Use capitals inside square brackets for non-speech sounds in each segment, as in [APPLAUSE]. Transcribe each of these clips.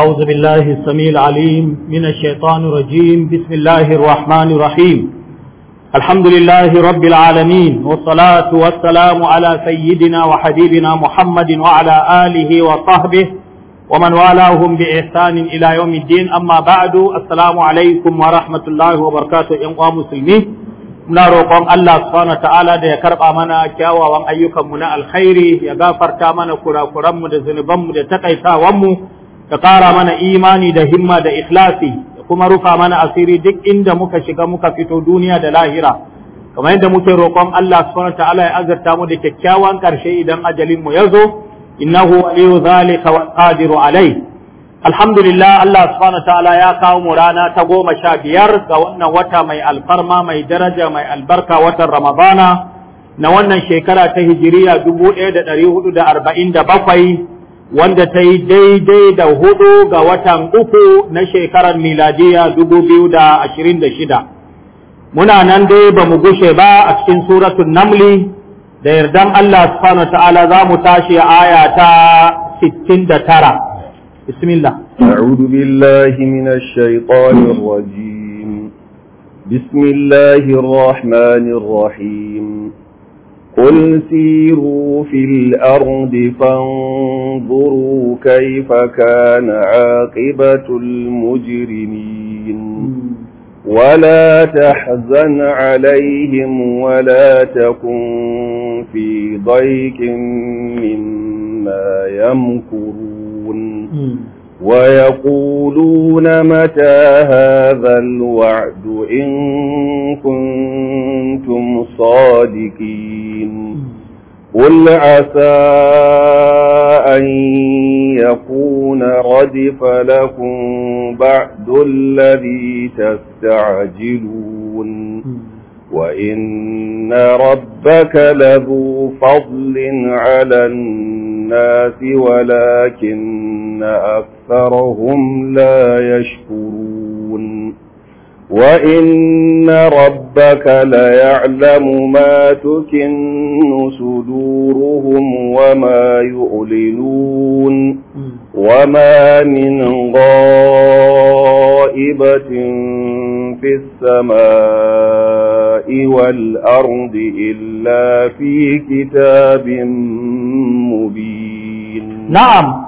أعوذ بالله السميع العليم من الشيطان الرجيم بسم الله الرحمن الرحيم الحمد لله رب العالمين والصلاة والسلام على سيدنا وحبيبنا محمد وعلى آله وصحبه ومن والاهم بإحسان إلى يوم الدين أما بعد السلام عليكم ورحمة الله وبركاته يا مسلمين muna roƙon Allah subhanahu ta'ala da ya karɓa mana kyawawan ayyukanmu na alkhairi ya gafarta mana kurakuranmu da zunubanmu da takaitawanmu ka ƙara mana imani da himma da ikhlasi da kuma rufa mana asiri duk inda muka shiga muka fito duniya da lahira kamar yadda muke roƙon Allah subhanahu ta'ala ya azurta mu da kyakkyawan ƙarshe idan ajalin mu yazo innahu waliyu zalika wal qadiru alai alhamdulillah Allah subhanahu ta'ala ya kawo mu rana ta goma sha biyar ga wannan wata mai alfarma mai daraja mai albarka watan ramadana na wannan shekara ta hijiriya dubu ɗaya da ɗari hudu da arba'in da bakwai wanda ta yi daidai da hudu ga watan uku na shekarar miladiya dubu biyu da ashirin da shida. Muna nan dai ba mu gushe ba a cikin suratun namli da yardan Allah subhanahu ta'ala za mu tashi aya ta sittin da tara. Bismillah. أعوذ قل سيروا في الأرض فانظروا كيف كان عاقبة المجرمين ولا تحزن عليهم ولا تكن في ضيق مما يمكرون ويقولون متى هذا الوعد إن كنتم صادقين قل عسى أن يكون ردف لكم بعد الذي تستعجلون وإن ربك لذو فضل على الناس ولكن أكثرهم لا يشكرون وإن ربك ليعلم ما تكن صدورهم وما يعلنون وما من غائبة في السماء والأرض إلا في كتاب مبين نعم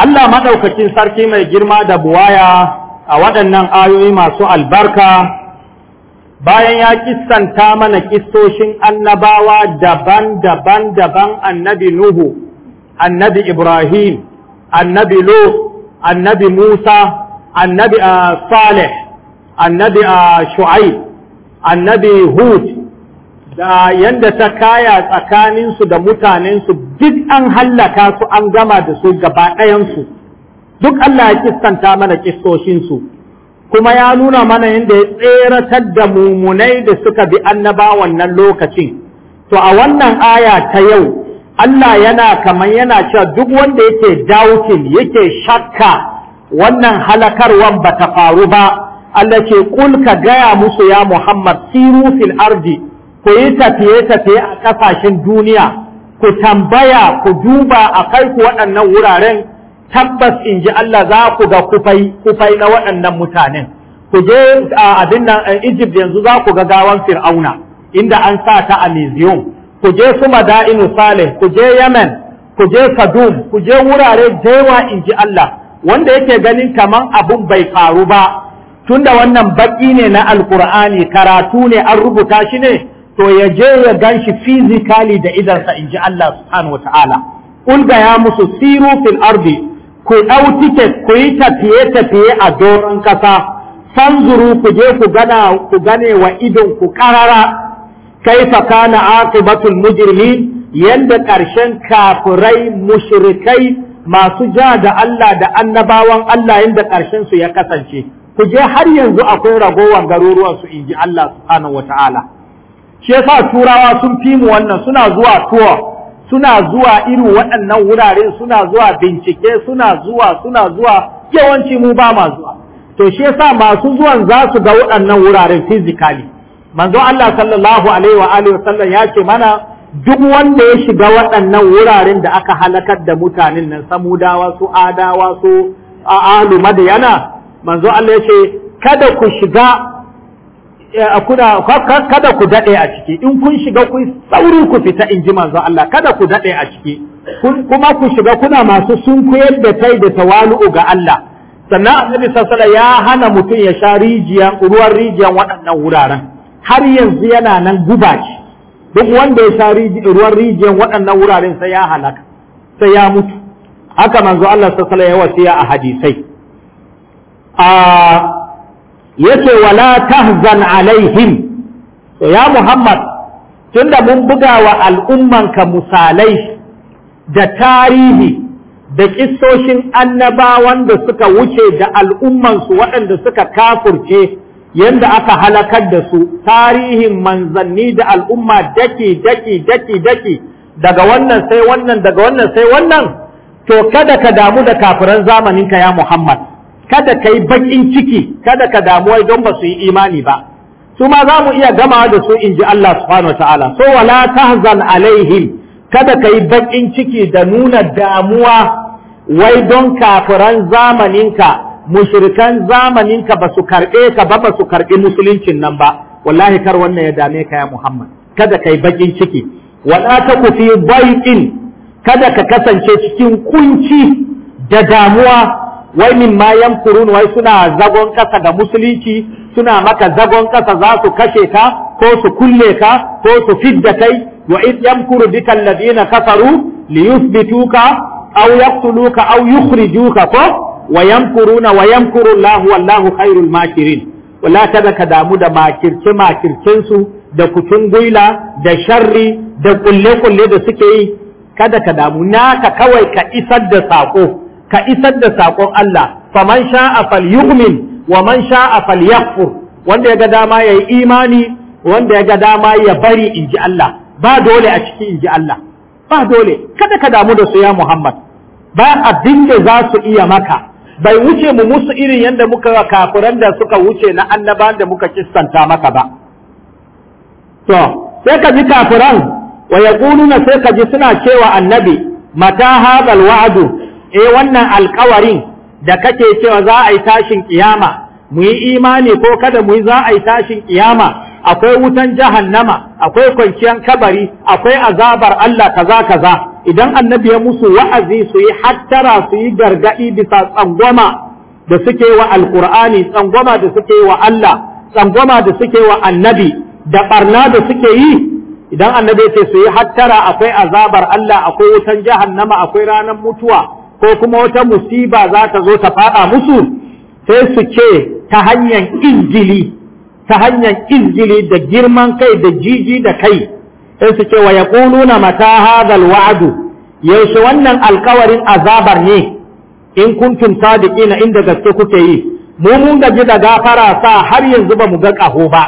Allah maɗaukacin sarki mai girma da buwaya a waɗannan ayoyi masu albarka bayan ya kissanta mana kistoshin annabawa daban-daban daban annabi Nuhu, annabi Ibrahim, annabi Lut, annabi Musa, annabi ah, Saleh, annabi ah, Shu'aib, annabi Hud, da yanda ta kaya tsakaninsu da mutanensu duk an hallaka su an gama da su gaba ɗayansu duk Allah ya kistanta mana kistoshinsu kuma ya nuna mana yadda ya tseratar da mumunai da suka bi annaba wannan lokacin to a wannan aya ta yau Allah yana kamar yana cewa duk wanda yake doubting yake shakka wannan halakarwan ba ta faru ba Allah ce kul ka gaya musu ya Muhammad siru fil ardi ku yi tafiye-tafiye a ƙasashen duniya ku tambaya ku duba a kai ku waɗannan wuraren tabbas in ji Allah za ku ga kufai na waɗannan mutanen ku je a abin nan Egypt yanzu za ku ga gawan Fir'auna inda an sa ta a museum ku je su Madainu Saleh ku je Yemen ku je Kadum ku je wurare jewa in ji Allah wanda yake ganin kaman abun bai faru ba tunda wannan baƙi ne na alƙur'ani karatu ne an rubuta shi ne to ya je ya gan shi fizikali da idansa in ji Allah subhanahu wata'ala ya musu siru fil ardi ku ɗau tiket ku yi tafiye-tafiye a doron ƙasa fanzuru ku je ku gana ku gane wa idon ku karara kaifa kana aqibatul mujrimin yanda ƙarshen kafirai mushrikai masu ja da Allah da annabawan Allah yanda ƙarshen su ya kasance ku je har yanzu akwai ragowar garuruwan su inji Allah subhanahu wata'ala shi yasa turawa sun fi mu wannan suna zuwa tuwa, suna zuwa irin waɗannan wurare suna zuwa bincike suna zuwa suna zuwa yawanci mu ba ma zuwa to shi yasa masu zuwan za su ga waɗannan wuraren physically manzo Allah sallallahu alaihi wa alihi wasallam ya ce mana duk wanda ya shiga waɗannan wuraren da aka halakar da mutanen nan samudawa su adawa su alu madyana manzo Allah ya ce kada ku shiga Eh, kada ku daɗe a ciki in kun shiga kun sauri ku fita in ji manzo Allah kada ku daɗe a ciki kuma ku shiga kuna masu sun kuyar da kai da tawalu'u ga Allah sannan annabi sallallahu ya hana mutum ya sha rijiyan ruwan rijiyan waɗannan wuraren har yanzu yana nan guba ce duk wanda ya sha ruwan rijiyan waɗannan wuraren sai ya halaka sai ya mutu haka manzo Allah sallallahu ya wasiya a hadisai a ah, yace wala tahzan alaihim to ya Muhammad tunda mun buga wa al'ummanka misalai da tarihi da kissoshin annabawan da suka wuce da al'ummansu waɗanda suka kafurce yadda aka halakar da su tarihin manzanni da al'umma daki daki daki daki daga wannan sai wannan daga wannan sai wannan to kada ka damu da kafiran zamaninka ya Muhammad kada ka yi baƙin ciki kada ka damuwa don ba su yi imani ba su ma za mu iya gamawa da su in ji Allah subhanahu wa ta'ala so wala tahzan alaihim kada ka yi baƙin ciki da nuna damuwa wai don kafiran zamaninka mushrikan zamaninka ba su karɓe ka ba ba su karɓi musuluncin nan ba wallahi kar wannan ya dame ka ya Muhammad kada ka yi baƙin ciki wala ta ku fi baiƙin kada ka kasance cikin kunci da damuwa wai min ma yamkurun wai suna zagon kasa da musulunci suna maka zagon kasa za su kashe ka ko su kulle ka ko su fidda kai wa id yamkuru bika alladhina kafaru liyuthbituka aw yaqtuluka aw yukhrijuka ko wa yamkuruna wa yamkuru wallahu khairul makirin kada ka damu da makirce makircen su da kutun da sharri da kulle kulle da suke yi kada ka damu naka kawai ka isar da sako ka isar da saƙon Allah faman sha'a falyu'min wa man sha sha'a falyakfur wanda ya ga dama ya yi imani wanda ya ga dama ya bari in ji Allah ba dole a ciki in ji Allah ba dole kada ka damu da su ya Muhammad ba abin da za su iya maka bai wuce mu musu irin yadda muka kafuran da suka wuce na annaba da muka kistanta maka ba to sai ka ji kafuran wa ya sai ka ji suna cewa annabi mata hadal wa'adu. eh wannan alkawarin da kake cewa za a yi tashin kiyama mu yi imani ko kada mu yi za a yi tashin kiyama akwai wutan jahannama akwai kwanciyar kabari akwai azabar Allah kaza kaza idan annabi ya musu wa'azi su yi hattara su yi gargadi bisa tsangwama da suke wa alkur'ani tsangwama da suke wa Allah tsangwama da suke wa annabi da barna da suke yi idan annabi ya ce su yi hattara akwai azabar Allah akwai wutan jahannama akwai ranar mutuwa ko kuma wata musiba za ta zo ta faɗa musu sai su ce ta hanyar injili ta hanyar injili da girman kai da jiji da kai sai su ce wa ya ƙununa mata hadal wa'adu yaushe wannan alkawarin azabar ne in kuntum sadiqina inda gaske kuke yi mu mun gaji da gafara sa har yanzu ba mu ga ƙaho ba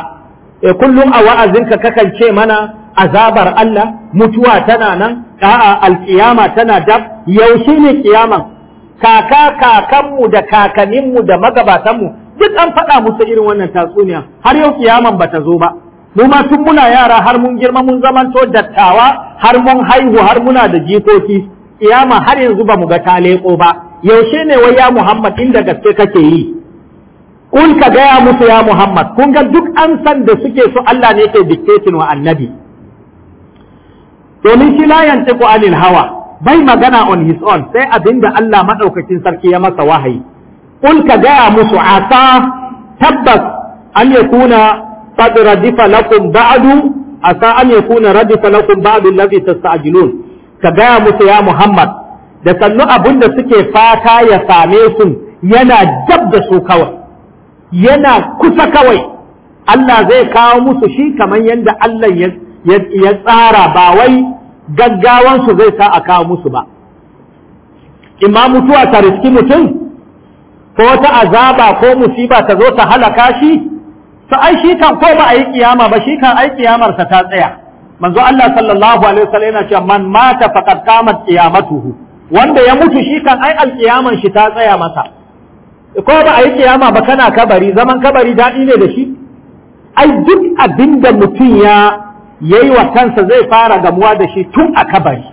e kullum a wa'azinka kakan ce mana azabar Allah mutuwa tana nan a'a alkiyama tana dab yaushe ne kiyaman kaka kakanmu da kakaninmu da magabatanmu duk an faɗa musu irin wannan tatsuniya har yau kiyaman bata zo ba mu ma tun muna yara har mun girma mun zamanto dattawa har mun haihu har muna da jikoki kiyama har yanzu ba mu ga ta ba yaushe ne wai ya Muhammad inda gaske kake yi kul ka gaya musu ya Muhammad kun ga duk an san da suke so Allah ne yake dictating wa annabi domin shi la yantiqu anil hawa bai magana on his own sai abinda Allah maɗaukacin sarki ya masa wahayi kul ka gaya musu asa tabbas an kuna qad radifa lakum ba'du asa an kuna radifa lakum ba'du allazi tasta'jilun ka gaya musu ya Muhammad da sannu da suke fata ya same su yana dab da su kawai yana kusa kawai Allah zai kawo musu shi kamar yadda Allah ya ya tsara ba wai gaggawansu zai sa a kawo musu ba imma mutuwa ta riski mutum ko wata azaba ko musiba ta zo ta halaka shi to ai shi kan ko ba a yi kiyama ba shi kan ai kiyamarsa ta tsaya manzo Allah sallallahu alaihi wasallam yana cewa man mata faqad qamat qiyamatuhu wanda ya mutu shi kan ai alkiyaman shi ta tsaya masa ko ba a yi kiyama ba kana kabari zaman kabari daɗi ne da shi ai duk abinda mutum ya yayi wa kansa zai fara gamuwa da shi tun a kabari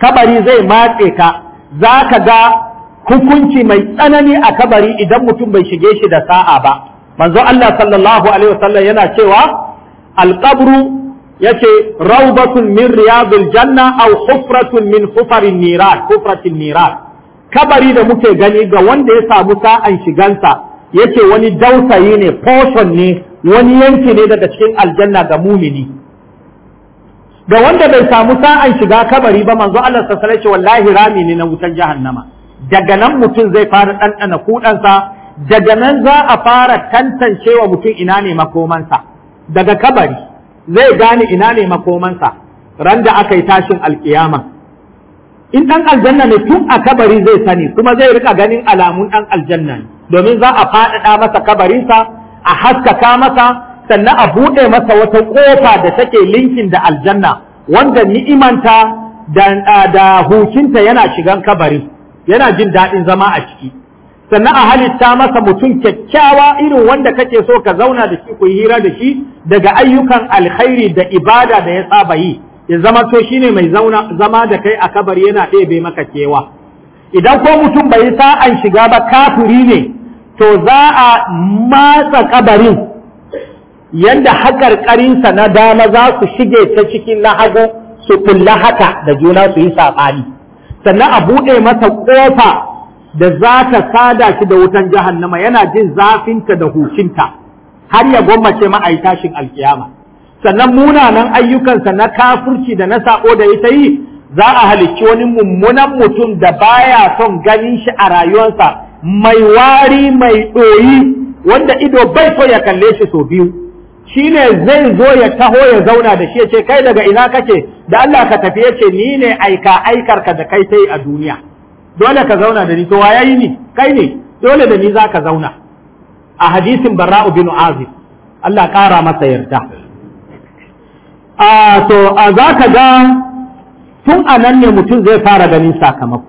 kabari zai matse ka za ka ga hukunci mai tsanani a kabari idan mutum bai shige shi da sa'a ba manzo Allah sallallahu alaihi wasallam yana cewa alqabru yace rawdatun min riyadil janna aw hufratun min hufarin nirar hufratin nirar kabari da muke gani ga wanda ya samu sa'an shigansa yace wani dausayi ne portion ne wani yanki ne daga cikin aljanna ga mumini ga wanda bai samu sa'an shiga kabari ba manzo Allah sallallahu alaihi wallahi rami ne na wutan jahannama daga nan mutum zai fara ɗanɗana kuɗansa daga nan za a fara tantancewa mutum ina ne makomansa daga kabari zai gane ina ne makomansa ran da aka yi tashin alkiyama in ɗan aljanna ne tun a kabari zai sani kuma zai rika ganin alamun ɗan aljanna ne domin za a faɗaɗa masa kabarinsa a haskaka masa sannan a buɗe masa wata ƙofa da take linkin da aljanna wanda ni'imanta da, da yana shigan kabari yana jin daɗin zama a ciki sannan a halitta masa mutum kyakkyawa irin wanda kake so ka zauna da shi ku yi hira da shi daga ayyukan alkhairi da ibada da ya saba yi ya zama to shine mai zauna zama da kai a kabari yana ɗebe maka kewa idan ko mutum bai sa'an shiga ba kafiri ne to za a matsa kabarin yanda haƙarƙarinsa na dama za su shige ta cikin lahago su kulla haka da juna su yi saɓani sannan a buɗe masa ƙofa da za ta sada shi da wutan jahannama yana jin zafinta da hucinta har ya gwammace ma'aikashin alkiyama sannan munanan ayyukansa na kafurci da na saƙo da ita yi za a halicci wani mummunan mutum da baya son ganin shi a rayuwansa mai wari mai ɗoyi wanda ido bai so ya kalle shi sau biyu Shi ne zai zo ya taho ya zauna da shi ya ce kai daga ina kake da Allah ka tafi ya ce ni ne aika aikar ka da kai sai a duniya dole ka zauna da ni to waye ni kai ne dole da ni za ka zauna a hadisin bara'u bin azib Allah ƙara masa yarda a to a za ka ga tun a nan ne mutum zai fara ganin sakamako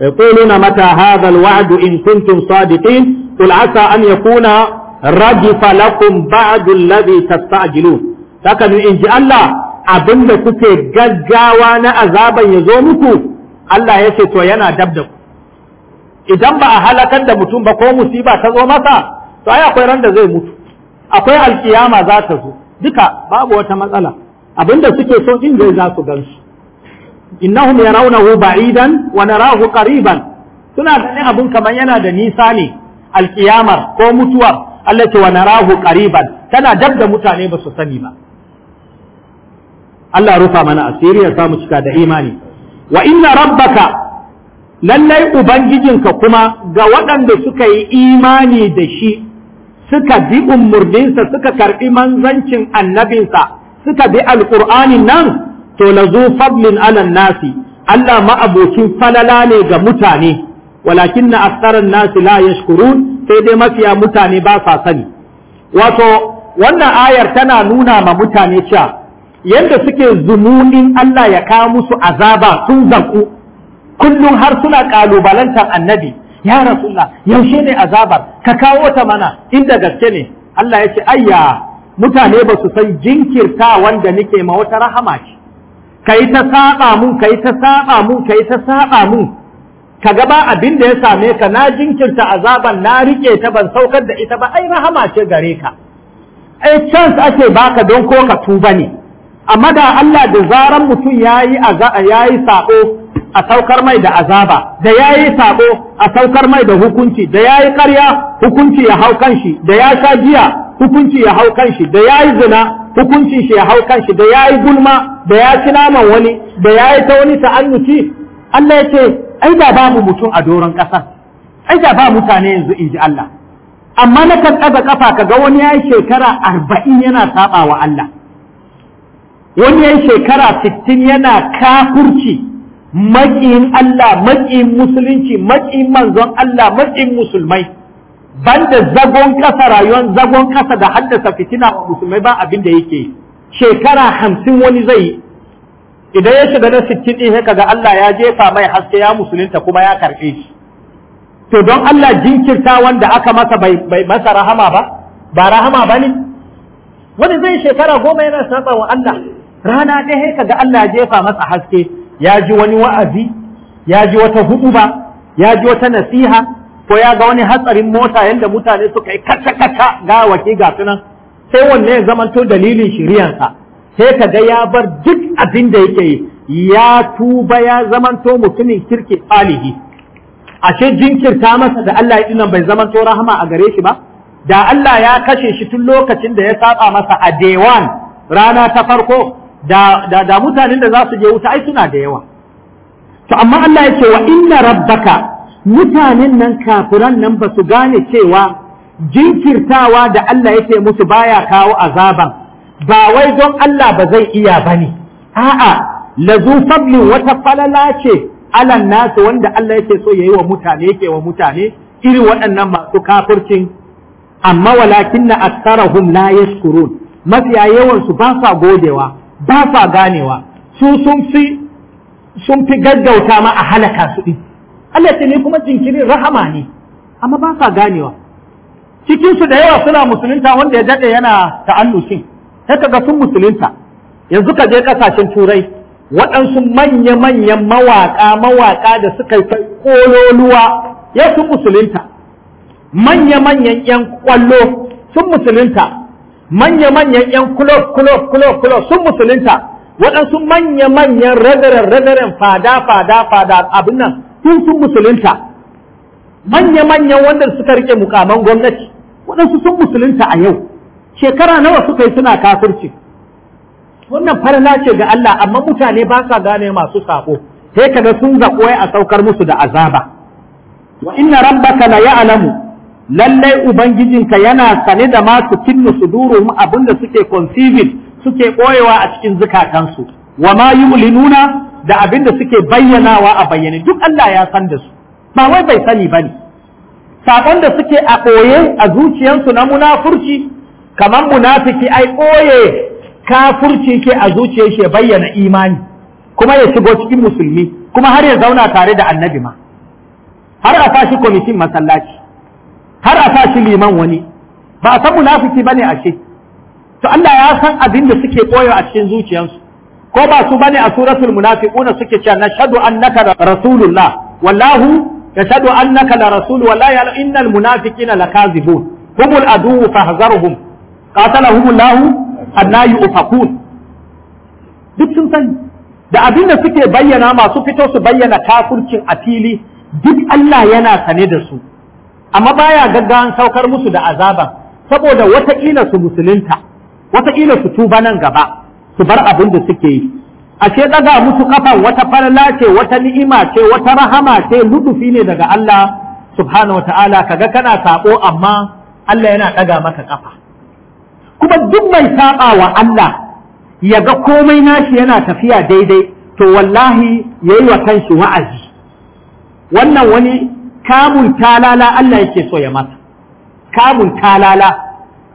يقولون متى mata الوعد إن كنتم صادقين قل an ya yakuna radifa lakum ba'du alladhi tasta'jilun saka ni inji Allah abinda kuke gaggawa na azaban ya zo muku Allah ya to yana dabda ku idan ba a halakar da mutum ba ko musiba ta zo masa to ai akwai ran da zai mutu akwai alkiyama za ta zo duka babu wata matsala abinda suke so in zai za su gansu innahum yarawnahu ba'idan wa narahu qariban suna ganin abun kamar yana da nisa ne alkiyamar ko mutuwar Allah ce wa narahu qariban tana dab da mutane ba su sani ba Allah rufa mana asiri ya samu cika da imani wa inna rabbaka lallai ubangijinka kuma ga waɗanda suka yi imani da shi suka bi umarninsa suka karɓi manzancin annabinsa suka bi alƙur'anin nan to lazu fablin anan nasi Allah ma'abocin falala ne ga mutane walakin na aksarar nasi la yashkurun sai dai mafiya mutane ba sa sani wato wannan ayar tana nuna ma mutane cewa yadda suke zumunin Allah ya kawo musu azaba sun zanku kullum har suna kalubalantar annabi ya rasulullah yaushe ne azabar ka kawo ta mana inda gaske ne Allah ya ce ayya mutane ba su san jinkirta wanda nake ma wata rahama ce yi ta saba mun yi ta saba mun yi ta saba mun ka gaba abin da ya same ka na jinkirta azaban na rike ta ban saukar da ita ba ai rahama ce gare ka ai chance ake baka don ko ka tuba ne amma da Allah da zaran mutum yayi yayi sako a saukar mai da azaba da yayi sako a saukar mai da hukunci da yayi ƙarya hukunci ya hau kanshi da ya sha giya hukunci ya hau kanshi da yayi zina hukuncin shi ya hau kanshi da yayi gulma da ya ci naman wani da yayi ta wani ta'annuci Allah ya ai da ba mu mutum a doron ƙasa ai da ba mutane yanzu in ji Allah amma na kan ɗaga ƙafa ka ga wani ya yi shekara arba'in yana saɓa wa Allah wani ya yi shekara sittin yana kafurci maƙiyin Allah maƙiyin musulunci maƙiyin manzon Allah maƙiyin musulmai banda zagon ƙasa rayuwar zagon ƙasa da haddasa fitina wa musulmai ba abin da yake shekara hamsin wani zai yi idan ya shiga na sittin ɗin haka ga Allah ya jefa mai haske ya musulunta kuma ya karɓe shi to don Allah jinkirta wanda aka masa bai masa rahama ba ba rahama ba ne wani zai shekara goma yana saba wa Allah rana ɗaya haka ga Allah ya jefa masa haske ya ji wani wa'azi ya ji wata huɗuba ya ji wata nasiha ko ya ga wani hatsarin mota yadda mutane suka yi kata-kata ga wake ga sunan sai wanne ya zamanto dalilin shiriyansa sai ka ga ya bar duk abin da yake ya tuba ya zamanto mutumin kirki salihi ashe jinkirta masa da Allah ya bai zamanto rahama a gare shi ba da Allah ya kashe shi tun lokacin da ya saba masa a dewan rana ta farko da da, da mutanen da za su je wuta ai suna da yawa to amma Allah ya ce wa inna rabbaka mutanen nan kafiran nan ba su gane cewa jinkirtawa da Allah ce musu baya kawo azaban ba wai don Allah ba zai iya ba ne a'a la fadlin wata falala ce alan nasu wanda Allah yake so ya yi wa mutane yake wa mutane irin waɗannan masu kafircin amma walakin na aksarahum la yashkurun mafiya yawan su ba sa godewa ba sa ganewa su sun fi gaggauta ma a halaka su ɗi. Allah ce ne kuma jinkirin rahama ne amma ba sa ganewa Cikinsu da yawa suna musulunta wanda ya dade yana ta'allucin sai ka ga sun musulunta yanzu ka je kasashen turai waɗansu manya-manyan mawaƙa mawaƙa da suka yi kololuwa ya sun musulunta manya-manyan 'yan kwallo sun musulunta manya-manyan 'yan kulob kulob kulob sun musulunta waɗansu manya-manyan ragaren ragaren fada fada fada abin nan sun sun musulunta manya-manyan wanda suka rike mukaman gwamnati waɗansu sun musulunta a yau shekara nawa suka yi suna kafirci wannan farna ce ga Allah amma mutane ba sa gane masu sako sai kaga sun zaƙo a saukar musu da azaba wa inna rabbaka la ya'lamu lallai ubangijinka yana sane da masu kinnu sudurum abinda suke conceiving suke koyewa a cikin zukatansu wa ma yu'linuna da abinda suke bayyanawa a bayyane duk Allah ya san da su ba wai bai sani ba ne. sakon da suke a ɓoye a zuciyarsu na munafurci kamar munafiki ai ɓoye kafurci ke a zuciyar shi bayyana imani kuma ya shigo cikin musulmi kuma har ya zauna tare da annabi ma har a fashi kwamitin masallaci har a fashi liman wani ba a san munafiki bane ashe to Allah ya san abin da suke ɓoye a cikin zuciyarsu ko ba su bane a suratul munafiquna suke cewa nashhadu annaka rasulullah wallahu yashhadu annaka la rasul wallahi innal munafiqina lakazibun humul adu fahzarhum lahu anna yufakun duk sun sani da abinda suke bayyana masu fito su bayyana kafurcin a fili duk Allah yana sane da su amma baya gaggawan saukar musu da azaba saboda wataƙila su musulunta wataƙila su tuba nan gaba su bar abin da suke yi A ce daga musu kafan wata farla ce wata ni'ima ce wata rahama ce lutufi ne daga Allah subhanahu wataala kaga kana sako, amma Allah yana daga maka kafa kuma duk mai saɓawa Allah ya ga komai nashi yana tafiya daidai to wallahi yayi wa kanshi wa'azi wannan wani kamun talala Allah yake so ya masa kamun talala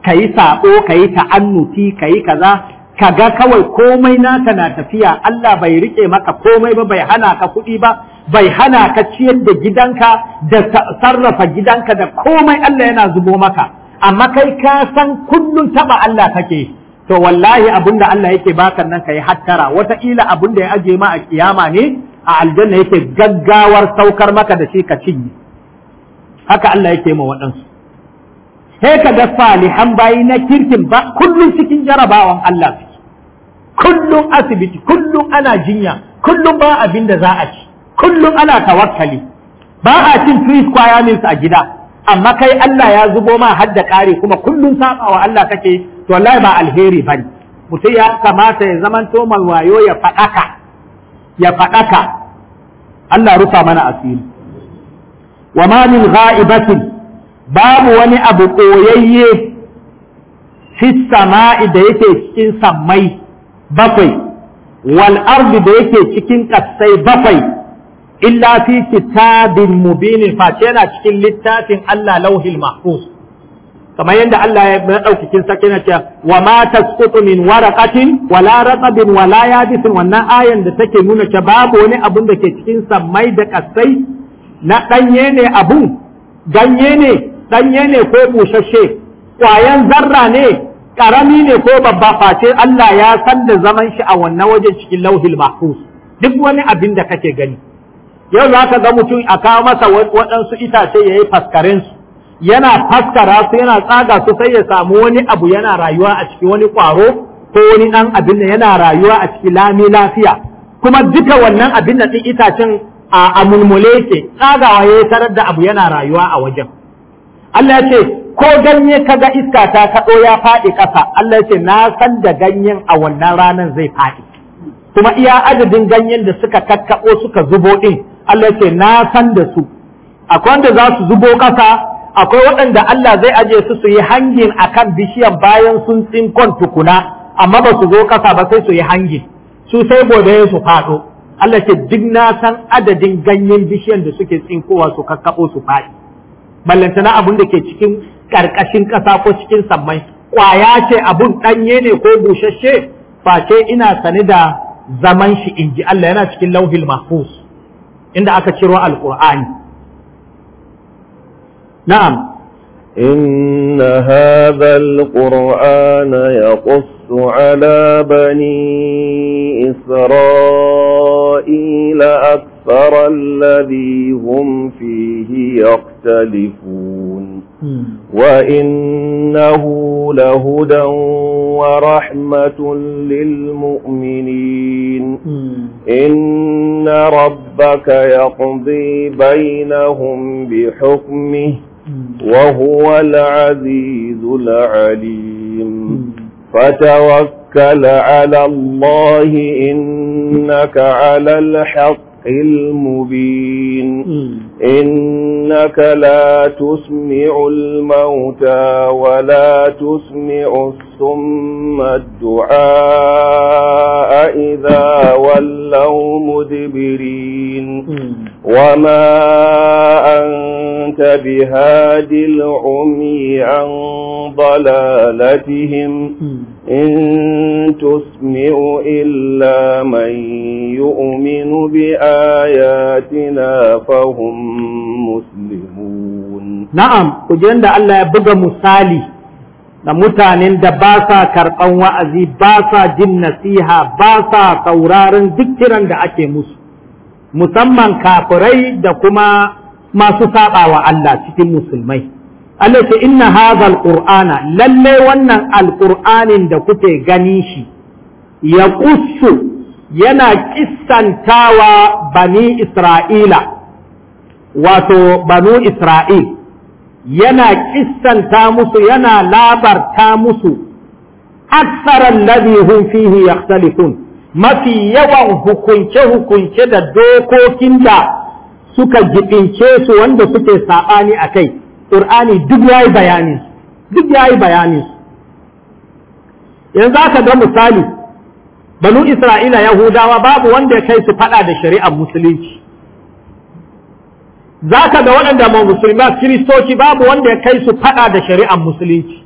kayi sabo kayi ta'annuti kayi kaza kaga kawai komai naka na tafiya Allah bai rike maka komai ba bai hana ka kuɗi ba bai hana ka ciyar da gidanka da sarrafa gidanka da komai Allah yana zubo maka amma kai ka san kullun taba Allah kake to wallahi abinda Allah yake baka nan kai hattara wata ila abinda ya aje ma a kiyama ne a aljanna yake gaggawar saukar maka da shi ka cinye haka Allah yake ma waɗansu sai ka ga salihan bayi na kirkin ba kullum cikin jarabawan Allah suke kullum asibiti kullum ana jinya kullum ba abin da za a ci kullum ana tawakkali ba a cin three square meals a gida amma kai Allah ya zubo ma hadda kare kuma kullun wa Allah kake to wallahi ba alheri bane mutum ya kamata ya zamanto mai wayo ya faɗaka. ya fadaka Allah rufa mana asiri wa ma min ghaibatin babu wani abu koyayye fi sama'i da yake cikin sammai bakwai wal ardi da yake cikin kasai bakwai illa fi kitabin mubinin face yana cikin littafin Allah lauhil mahfuz kamar yadda Allah ya madaukakin sarki yana cewa wa ma tasqutu min waraqatin wala ratbin wala yabisin wannan ayan da take nuna cewa babu wani abun da ke cikin samai da kasai na danye ne abu, ganye ne danye ne ko bushashe kwayan zarra ne karami ne ko babba face Allah ya san da zaman shi a wannan wajen cikin lauhil mahfuz duk wani abin da kake gani yau za ka ga mutum a kawo masa waɗansu itace ya yi faskarensu yana faskara su yana tsaga su sai ya samu wani abu yana rayuwa a ciki wani ƙwaro ko wani ɗan abin da yana rayuwa a ciki lami lafiya kuma duka wannan abin da ɗin itacen a mulmule ke tsagawa ya yi tarar da abu yana rayuwa a wajen Allah ya ce ko ganye ka ga iska ta kaɗo ya faɗi ƙasa Allah ya ce na san da ganyen a wannan ranar zai faɗi kuma iya adadin ganyen da suka kakkaɓo suka zubo ɗin Allah ya ce na san da su akwai wanda za su zubo ƙasa akwai waɗanda Allah zai aje su su yi hangin akan bishiyan bayan sun tsinkon tukuna amma ba su zo ƙasa ba sai su yi hangi su sai gobe su faɗo Allah ce duk na san adadin ganyen bishiyan da suke tsinkowa su kakkaɓo su faɗi ballantana abun da ke cikin ƙarƙashin ƙasa ko cikin sammai ƙwaya ce abun ɗanye ne ko busasshe face ina sane da zaman shi inji Allah yana cikin lauhil mahfuz inda aka ciro alqur'ani na'am إن هذا القرآن يقص على بني إسرائيل أكثر الذي هم فيه يختلفون وإنه لهدى ورحمة للمؤمنين إن ربك يقضي بينهم بحكمه وهو العزيز العليم فتوكل على الله إنك على الحق المبين إنك لا تسمع الموتى ولا تسمع الصم الدعاء إذا ولوا مدبرين وما أنت بهاد العمي عن ضلالتهم إن تسمع إلا من يؤمن ya فهم مسلمون نعم كجين دا الله يبقى مسالي da mutanen da ba sa karɓan wa'azi ba sa jin nasiha ba sa sauraron duk kiran da ake musu musamman kafirai da kuma masu saɓawa Allah cikin musulmai Allah ce inna hadha alqur'ana lalle wannan alqur'anin da kuke gani shi ya qussu yana kissantawa bani isra'ila wato banu isra'il yana kissanta musu yana labarta musu aksarar hum fihi yakhtalifun mafi yawan hukunce-hukunce da dokokin da suka jibince su wanda suke saɓani a kai ƙur'ani duk yayi bayani duk yayi bayani yanzu aka ga misali banu isra'ila yahudawa babu wanda ya kai su fada da shari'ar musulunci za ka ga waɗanda ma musulma kiristoci babu wanda ya kai su faɗa da shari'ar musulunci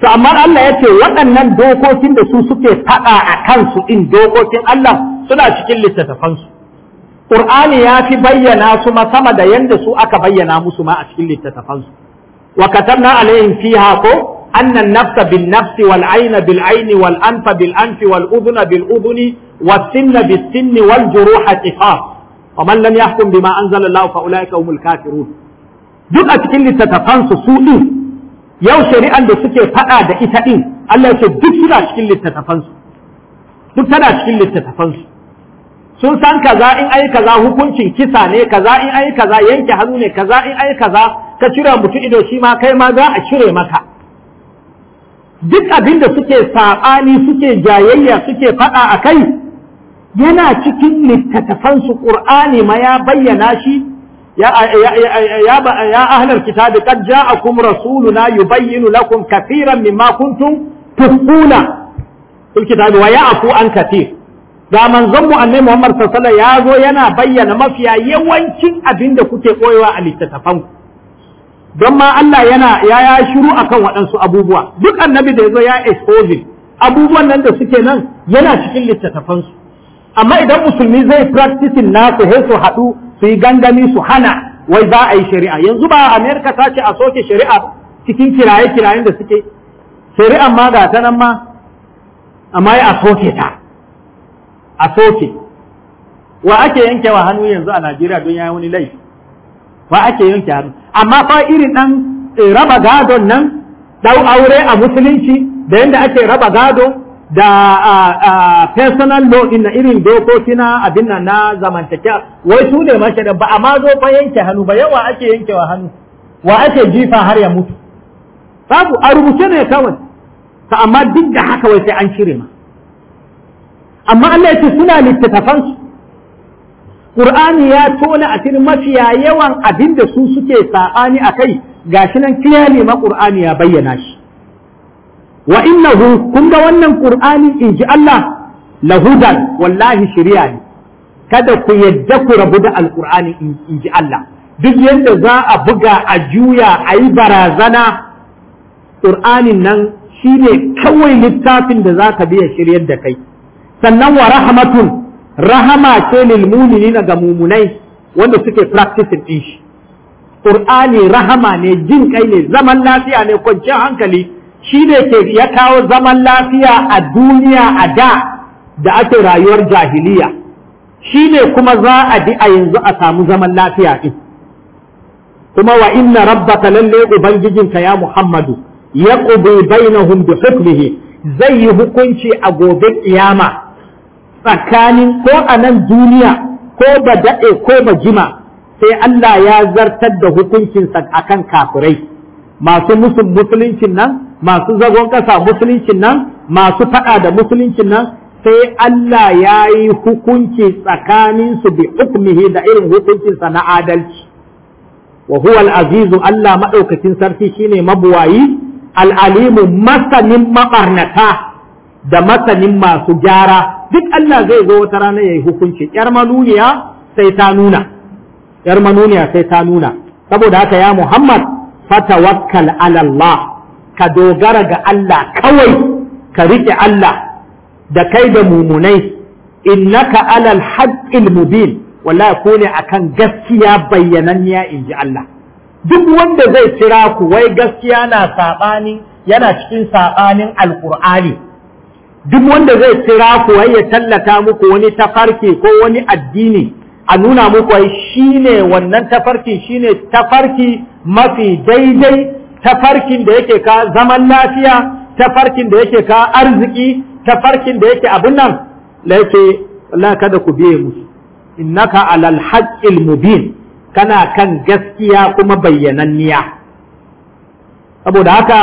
to amma Allah ya ce waɗannan dokokin da su suke faɗa a kansu in dokokin Allah suna cikin littattafansu Qur'ani ya fi bayyana su ma sama da yanda su aka bayyana musu ma a cikin littattafansu wa katabna alaihim fiha ko anna nafsa bin nafsi wal wal bil bil anfa anfi wal udhuna bil udhuni was sinna bis sinni wal juruha بالسن wa man lam yahkum bima anzala Allah fa ulaika humul kafirun duk a cikin littattafan su su ɗin yau shari'an da suke fada da ita din Allah ya ce duk suna cikin littattafan su duk tana cikin littattafan su sun san kaza in ai kaza hukuncin kisa ne kaza in ai kaza yanke hannu ne kaza in ai kaza ka cire mutu ido shi ma kai ma za a cire maka duk abin da suke saɓani suke jayayya suke faɗa a kai yana cikin littattafansu ƙur'ani ma ya bayyana shi ya ahlar kitabi qad ja'akum rasuluna yubayyinu lakum kathiran mimma kuntum tukhuna kitab wa ya'fu an kathir da manzon mu annabi Muhammad sallallahu ya zo yana bayyana mafiya yawancin abin da kuke koyewa a littattafan ku don ma Allah yana ya ya shiru akan waɗansu abubuwa duk annabi da ya zo ya expose abubuwan nan da suke nan yana cikin littattafan su amma idan musulmi zai practice nasu sai su haɗu su yi gangami su hana wai za a yi shari'a yanzu ba America ta ce a soke shari'a cikin kiraye-kirayen da suke shari'a ma ga ta nan ma amma ya a soke ta a soke wa ake yankewa hannu yanzu a Najeriya don yayi wani laifi wa ake yanke hannu amma fa irin dan eh, raba gadon nan dau aure a musulunci da yanda ake raba gado da personal law din irin dokoki na abin nan na zamantakewa wai su ne da ba amma zo fa yanke hannu ba yawa ake yankewa hannu wa ake jifa har ya mutu babu a rubuce ne kawai ta amma duk da haka wai sai an cire ma amma Allah ya ce suna su. Qur'ani ya tona a cikin mafiya yawan abin da su suke saɓani a kai gashi nan clearly ma Qur'ani ya bayyana shi wa innahu kun ga wannan Qur'ani in ji Allah lahudan wallahi shari'a ne kada ku yadda ku rabu da Al-Qur'ani in ji Allah duk yadda za a buga a juya a yi barazana Qur'anin nan shine kawai littafin da za ka biya shiryar da kai sannan wa rahmatun rahama ce lil mu'minina ga mumunai wanda suke practice din shi qur'ani rahama ne jin kai ne zaman lafiya ne kwanciyar hankali shi ne ke ya kawo zaman lafiya a duniya a da da ake rayuwar jahiliya shi ne kuma za a di a yanzu a samu zaman lafiya din kuma wa inna rabbaka lalle ubangijinka ya muhammadu ya bainahum bi hukmihi zai yi hukunci a gobe kiyama tsakanin ko a nan duniya ko ba daɗe ko ba jima sai Allah ya zartar da hukuncinsa a kan kafirai masu musul musuluncin nan masu zagon ƙasa musuluncin nan masu faɗa da musuluncin nan sai Allah ya yi hukunci tsakaninsu bi hukumihi da irin hukuncinsa na adalci wa huwa al Allah maɗaukacin sarki shine mabuwayi al'alimu, masanin mabarnata da masanin masu gyara duk Allah zai zo wata rana ya yi hukunci yar manuniya sai ta nuna yar manuniya sai ta nuna saboda haka ya Muhammad fatawakkal ala Allah ka dogara ga Allah kawai ka riƙe Allah da kai da mumunai innaka alal haqqil mubin wallahi ku ne akan gaskiya bayyananniya in ji Allah duk wanda zai kira ku wai gaskiya na saɓani yana cikin saɓanin alƙur'ani duk wanda zai kira ku ya tallata muku wani tafarki ko wani addini a nuna muku ai shine wannan tafarki shine tafarki mafi daidai tafarkin da yake ka zaman lafiya tafarkin da yake ka arziki tafarkin da yake abin nan la yake la kada ku biye musu innaka alal haqqil mubin kana kan gaskiya kuma bayyananniya saboda haka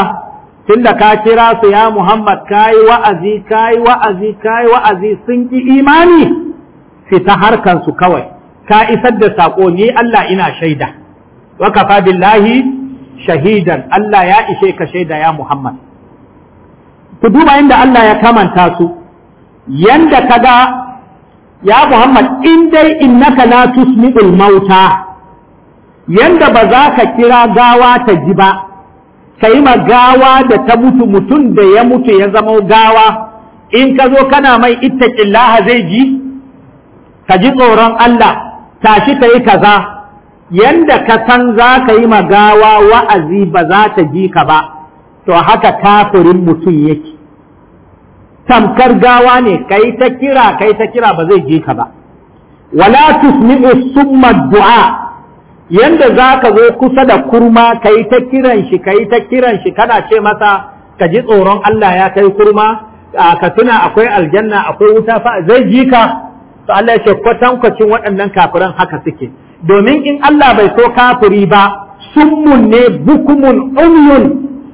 tunda ka kira su ya Muhammad kai wa'azi kai wa'azi kai wa'azi sun ki imani fita harkan su kawai ka isar da sako ni Allah ina shaida wa kafa billahi shahidan Allah ya ishe ka shaida ya Muhammad ku duba inda Allah ya kamanta su yanda kaga ya Muhammad in dai innaka la tusmi'ul mauta yanda ba za ka kira gawa ta ji ba ka yi gawa da ta mutu mutum da ya mutu ya zama gawa in ka zo kana mai illaha zai ji ka ji tsoron Allah tashi ka yi kaza yanda ka san za ka yi magawa wa'azi ba za ta ji ka ba to haka kafirin mutum yake tamkar gawa ne kai ta kira kai ta kira ba zai ji ka ba wala tusmi'u summa du'a yanda za ka zo kusa da kurma ka yi ta kiran shi ka yi ta kiran shi kana ce masa ka ji tsoron Allah ya kai kurma ka tuna akwai aljanna akwai wuta fa zai ji ka to Allah ya ce cin waɗannan kafiran haka suke domin in Allah bai so kafiri ba summun ne bukumun umyun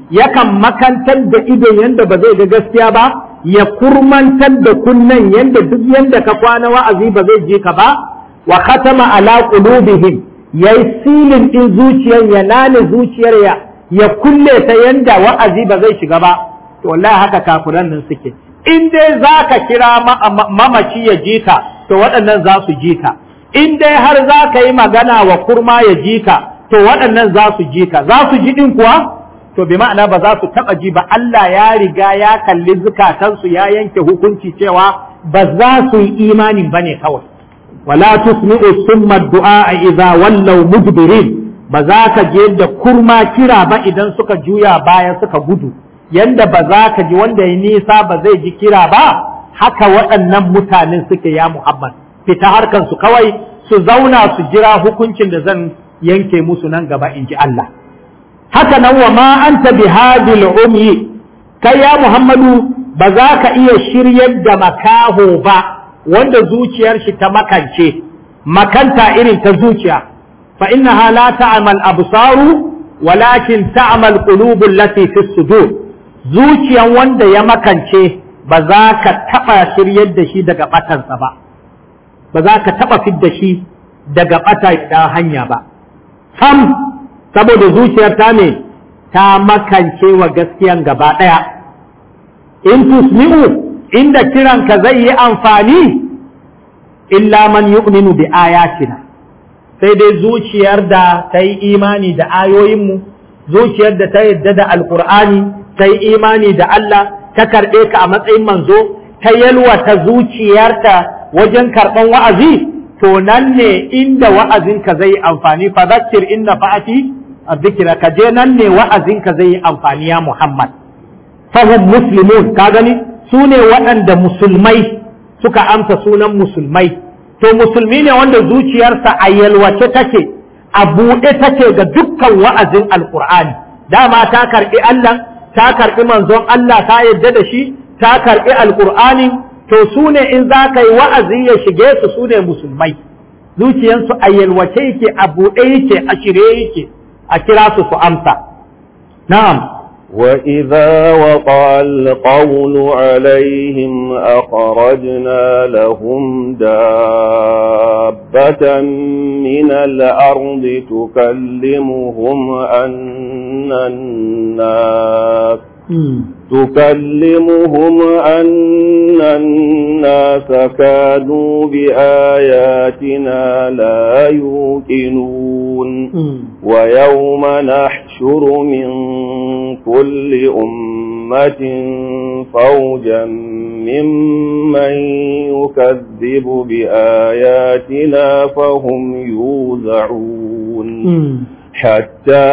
yakan makantar da ido yanda ba zai ga gaskiya ba ya kurmantar da kunnen yanda duk yanda ka kwana wa'azi ba zai ji ka ba wa khatama ala qulubihim ya yi silin ɗin zuciyar ya lale zuciyar ya ya kulle ta yanda wa'azi ba zai shiga ba to wallahi haka kafiran nan suke in dai za ka kira mamaci ya ji ka to waɗannan za su ji ka? in dai har za ka yi magana wa kurma ya ji ka to waɗannan za su ji ka za su ji ɗin kuwa to bi ma'ana ba za su taɓa ji ba Allah ya riga ya kalli zukatansu ya yanke hukunci cewa ba za su yi imanin ba ne kawai wala tusmi'u summa du'a idza wallaw mudbirin ba za ka je da kurma kira ba idan suka juya bayan suka gudu yanda ba za ka ji wanda ya nisa ba zai ji kira ba haka waɗannan mutanen suke ya Muhammad fita harkan su kawai su zauna su jira hukuncin da zan yanke musu nan gaba in ji Allah haka nan wa ma anta bihadil umyi kai ya Muhammadu ba za ka iya shiryar da makaho ba wanda zuciyar shi ta makance makanta irin ta zuciya fa innaha la ta'mal absaru walakin ta'mal qulubul lati fi sudur zuciyan wanda ya makance ba za ka taba shiryar da shi daga batansa ba ba za ka taba fidda shi daga bata da hanya ba Fam saboda zuciyar ta ne ta makance wa gaskiyan gaba daya in tusmi'u inda kiranka zai yi amfani illa man yu'minu bi ayatina sai dai zuciyar da ta yi imani da ayoyinmu zuciyar da ta yadda da alkur'ani ta yi imani da Allah ta karɓe ka a matsayin manzo ta yalwata zuciyarta wajen karɓan wa'azi to nan ne inda wa'azinka zai amfani fa zakir inna fa'ati azzikira ka je nan ne wa'azinka zai amfani ya Muhammad fahim muslimun ka gani su ne waɗanda musulmai suka amsa sunan musulmai to musulmi ne wanda zuciyarsa a yalwace take a buɗe take ga dukkan wa'azin alkur'ani dama ta karɓi Allah ta karɓi manzon Allah ta yadda da shi ta karɓi alkur'ani to su ne in za ka yi wa'azi ya shige su su ne musulmai zuciyarsu a yalwace yake a buɗe yake a shirye yake a kira su su amsa na'am وإذا وقع القول عليهم أخرجنا لهم دابة من الأرض تكلمهم أن الناس تكلمهم أن الناس كانوا بآياتنا لا يوقنون ويوم نحشر من كل أمة فوجا ممن يكذب بآياتنا فهم يوزعون حتى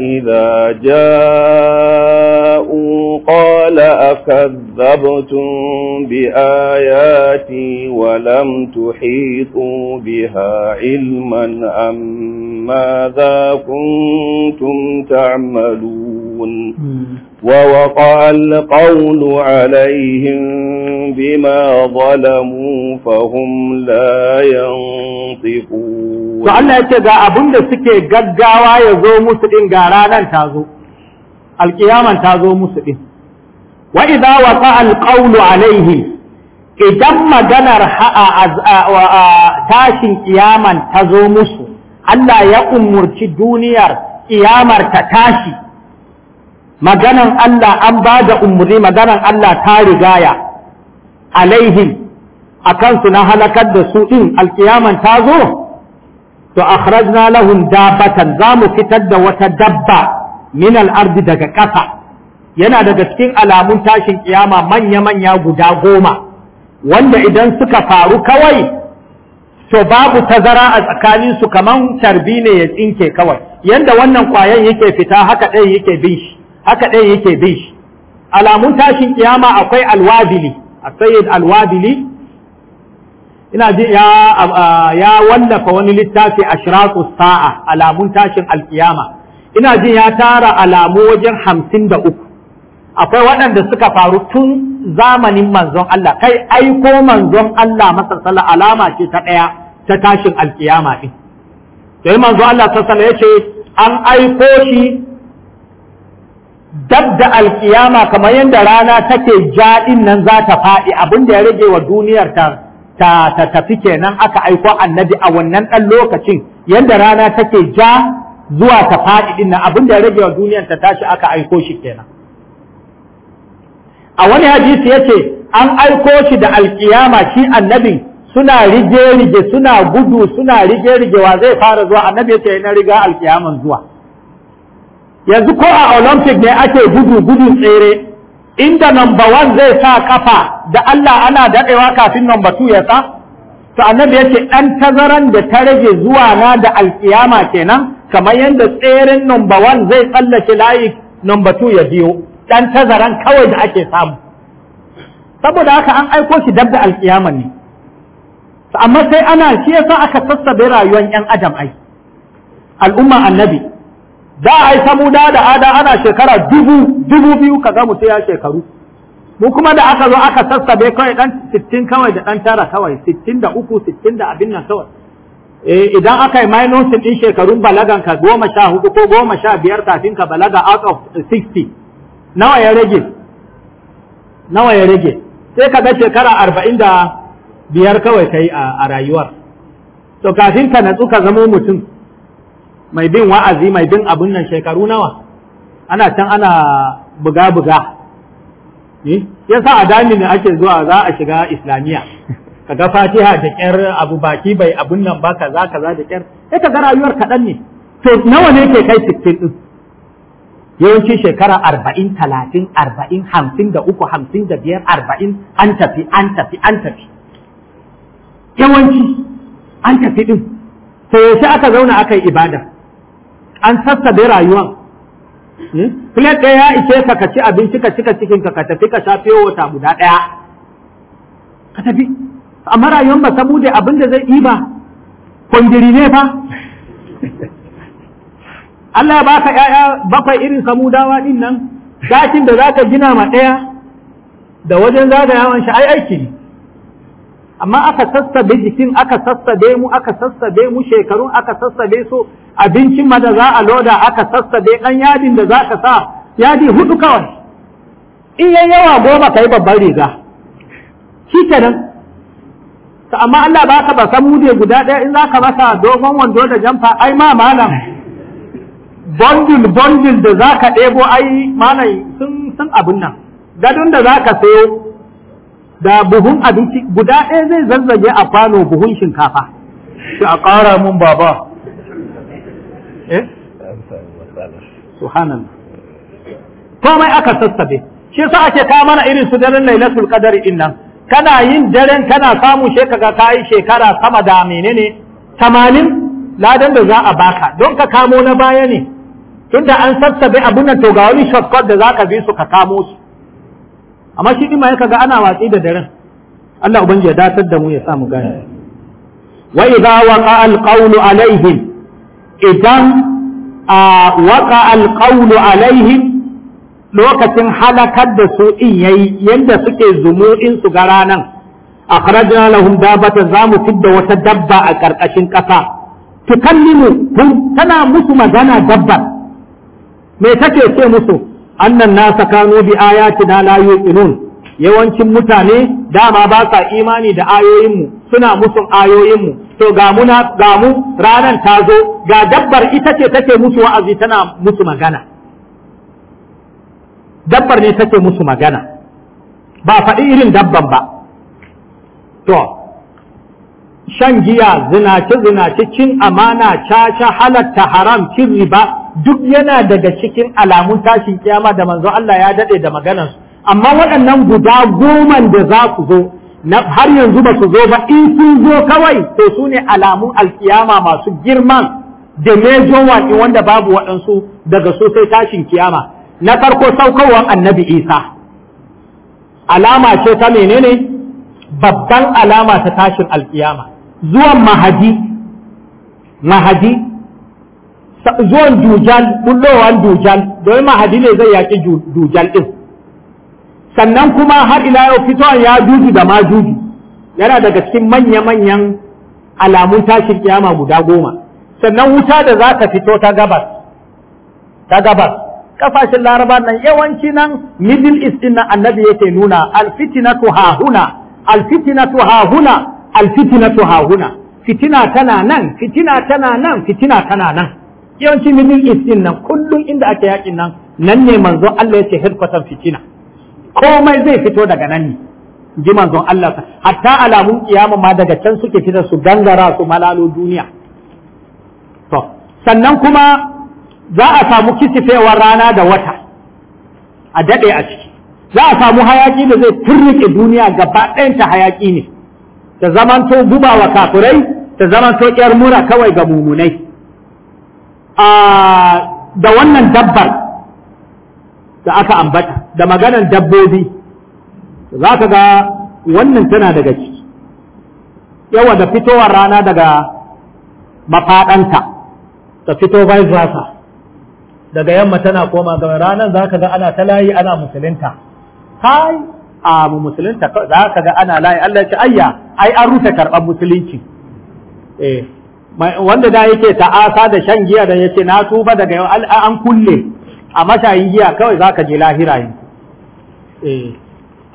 إذا جاءوا قال أكذبتم بآياتي ولم تحيطوا بها علما أم ماذا كنتم تعملون ووقع القول عليهم بما ظلموا فهم لا ينطقون فالله يتجا أبن سكي قدقاوا يزو مسلم قارانا تازو القيامة تازو مسلم وإذا وقع القول عليهم idan maganar tashin kiyaman ta zo musu Allah ya umurci duniyar kiyamar ta tashi maganan Allah an ba da umuri maganan Allah ta rigaya alaihim a kansu na halakar da su in alkiyaman ta zo to akhrajna lahum dabatan za mu fitar da wata dabba min al'ardi daga ƙasa yana daga cikin alamun tashin kiyama manya-manya guda goma wanda idan suka faru kawai to babu tazara a tsakanin su kaman carbi ne ya tsinke kawai yanda wannan kwayan yake fita haka ɗaya yake bin shi haka ɗaya yake bin shi alamun tashin kiyama akwai alwabili A asayyid alwabili ina ji ya ya wallafa wani littafi ashraqus sa'a alamun tashin alkiyama ina ji ya tara alamu wajen hamsin da uku akwai waɗanda suka faru tun zamanin manzon Allah kai aiko manzon Allah masa Sallah alama ce ta ɗaya ta tashin alkiyama din sai manzo Allah sassana ya ce an aiko shi dab da alkiyama kamar yadda rana take jaɗin nan za ta faɗi abin ya rage wa duniyar ta ta ta tafi kenan aka aiko annabi a wannan dan lokacin yadda rana take ja zuwa ta faɗi ɗin nan abin ya rage wa duniyar ta tashi aka aiko shi kenan a wani hadisi ya ce an aiko shi da alkiyama shi annabin suna rige-rige suna gudu suna rige-rige wa zai fara zuwa annabi ce na riga alkiyaman zuwa yanzu ko a olympic ne ake gudu gudu tsere inda number one zai sa kafa da Allah ana daɗewa kafin number two ya sa to annabi yace ɗan tazaran da ta rage zuwa na da alkiyama kenan kamar yadda tseren number one zai tsallake layi number two ya biyo ɗan tazaran kawai da ake samu saboda haka an aiko shi dab da alkiyaman ne amma sai ana shi yasa aka sassabe rayuwar yan adam ai al'umma annabi da a yi samuda da ada ana shekara dubu dubu biyu ka ga sai ya shekaru mu kuma da aka zo aka sassabe kawai dan sittin kawai da dan tara kawai sittin da uku sittin da abin nan kawai eh, idan aka yi minus din shekarun balagan ka goma sha hudu ko goma sha biyar kafin ka balaga out of 60 nawa ya rage nawa ya rage sai ka ga shekara arba'in da biyar kawai kai a rayuwar to kafin ka natsu ka zama mutum mai bin wa'azi mai bin abin nan shekaru nawa ana can ana buga buga eh? Ya sa a dami ne ake zuwa za a shiga islamiyya ga fatiha da ƙyar abu baki bai abin nan ba kaza kaza da ya ka ga rayuwar kaɗan ne to nawa ne ke kai sittin ɗin yawanci shekara arba'in talatin arba'in hamsin da uku hamsin da biyar arba'in an tafi an tafi an tafi yawanci an tafi ɗin to yaushe aka zauna aka yi ibada an da rayuwa Filet hmm? ɗaya ya ishe ka ka ci abinci ka cika cikin ka ka tafi ka shafe wata guda ɗaya ka tafi amma rayuwan ba ta bude abin da zai yi ba kwangiri ne fa [LAUGHS] Allah ya baka ‘ya'ya bakwai irin samudawa ɗin nan, gashin da za ka gina ma ɗaya da wajen zagayawan shi ai aiki ne. amma aka da jikin aka da mu aka da mu shekarun aka da su abincin ma da za a loda aka da ɗan yadin da za ka sa yadi hudu kawai in yan yawa goma ka yi babban riga shi kenan ta amma Allah ba ka ba san mude guda ɗaya in za ka masa dogon wando da jamfa ai ma malam bondil bondil da za ka ɗebo ai malam sun abin nan gadon da za ka sayo da buhun abinci guda ɗaya zai zazzage a kwano buhun shinkafa shi a ƙara mun baba eh subhanallah komai aka sassabe shi sa ake kawo mana irin su daren lailatul qadari din nan kana yin daren kana samu shekara ka yi shekara sama da menene tamanin ladan da za a baka don ka kamo na baya ne tunda an sassabe abun nan to ga wani shortcut da zaka bi su ka kamo su amma shi ɗin ma yaka ga ana watsi da daren Allah ubangi ya datar da mu ya sa mu gane wa idza waqa al qawlu alaihim idan a waqa al qawlu alaihim lokacin halakar da su in yayi yanda suke zumu'in su ga ranan akhrajna lahum dabata zamu fidda wata dabba a karkashin kasa tukallimu tana musu magana dabba me take ce musu annan nasa kano bi na la yuqinun yawancin mutane dama ba sa imani da ayoyinmu suna musun ayoyinmu to ga muna ga mu ranan tazo, ga dabbar ita ce take musu wa'azi tana musu magana dabbar ne take musu magana ba faɗi irin dabban ba to shan giya zinace zinace cin amana caca halatta haram cin riba duk yana daga cikin alamun tashin kiyama da manzo Allah ya dade da maganarsu amma waɗannan guda goman da za ku zo har yanzu ba su zo ba in sun zo kawai to su ne alamun alkiyama masu girman da mejo waƙi wanda babu waɗansu daga su sai tashin kiyama na farko saukowar annabi isa alama ce ta menene babban alama ta tashin alkiyama zuwan mahadi mahadi zuwan dujal bullowan dujal domin mahadi ne zai yaki dujal ɗin sannan kuma har ila yau fitowar ya juji da ma yana daga cikin manya-manyan alamun tashin kiyama guda goma sannan wuta da za ta fito ta gabas ta gabas kafashin laraba nan yawanci nan middle east din nan annabi yake nuna alfitinatu hahuna alfitinatu hahuna alfitinatu hahuna fitina tana nan fitina tana nan fitina tana nan yawanci middle east din nan kullum inda ake yakin nan nan ne manzo Allah ya ce fitina komai zai fito daga nan ne ji manzo Allah hatta alamun kiyama ma daga can suke fitar su gangara su malalo duniya to sannan kuma za a samu kisifewar rana da wata a dade a ciki za a samu hayaki da zai turrike duniya gaba ɗayanta hayaki ne ta zamanto gubawa kafurai ta zamanto ƙyar mura kawai ga mumunai Ah, da wannan dabbar da aka ambata da maganan dabbobi za ka ga wannan tana daga ciki yawa da fitowar rana daga mafaɗanta ta fito bai zasa daga yamma tana koma ga ranar za ka ga ana ta layi ana musulunta Hai! a musulunta za ka ga ana layi Allah ce ayya ai an rufe karɓar musulunci eh wanda da yake ta'asa da shan giya da yace na tuba daga yau an kulle a mashayin giya kawai za ka je lahira yanzu su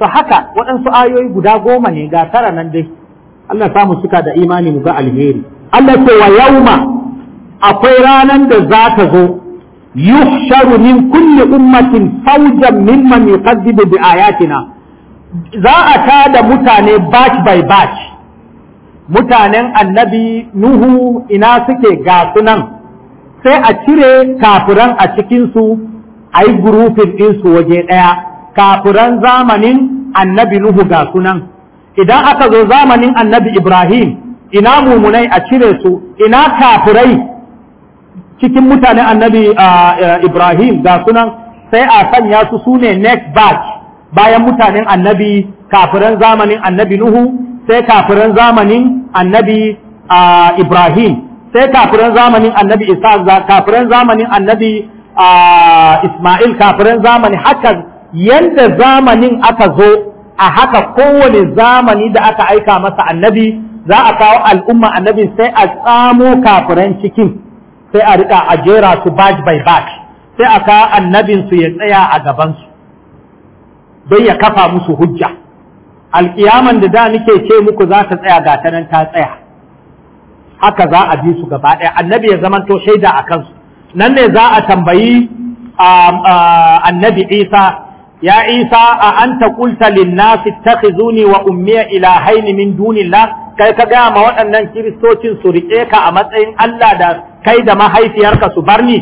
eh, haka waɗansu ayoyi guda goma ne ga tara nan dai Allah samu suka da imani mu ga alheri Allah ce wa yauma akwai ranar da za ta zo yuhsharu min kulli ummatin fawjan mimman yukazzibu bi ayatina za a tada mutane batch by batch mutanen annabi nuhu ina suke ga sunan sai a cire kafiran a cikinsu a yi gurufin ɗinsu waje ɗaya kafiran zamanin annabi nuhu ga sunan idan aka zo zamanin annabi ibrahim ina mumunai a cire su ina kafirai cikin mutanen annabi ibrahim ga sunan sai a sanya su su ne next batch bayan mutanen annabi kafiran zamanin annabi nuhu sai kafiran zamanin annabi Ibrahim sai kafiran zamanin annabi Isa kafiran zamanin annabi Ismail haka yanda zamanin aka zo a haka kowane zamani da aka aika masa annabi za a kawo al'umma annabi sai a tsamo kafiran cikin sai a rika a jera su batch by batch sai a kawo annabinsu ya tsaya a gabansu don ya kafa musu hujja alkiyaman da da nake ce muku za ta tsaya ga ta nan ta tsaya haka za a bi su gaba ɗaya annabi ya zamanto shaida a kansu nan ne za a tambayi um, uh, annabi isa ya isa a an ta kulta linnasi takhizuni wa ummiya ilahaini min dunillah kai ka gaya ma waɗannan kiristocin su riƙe ka a matsayin Allah da kai da mahaifiyarka su barni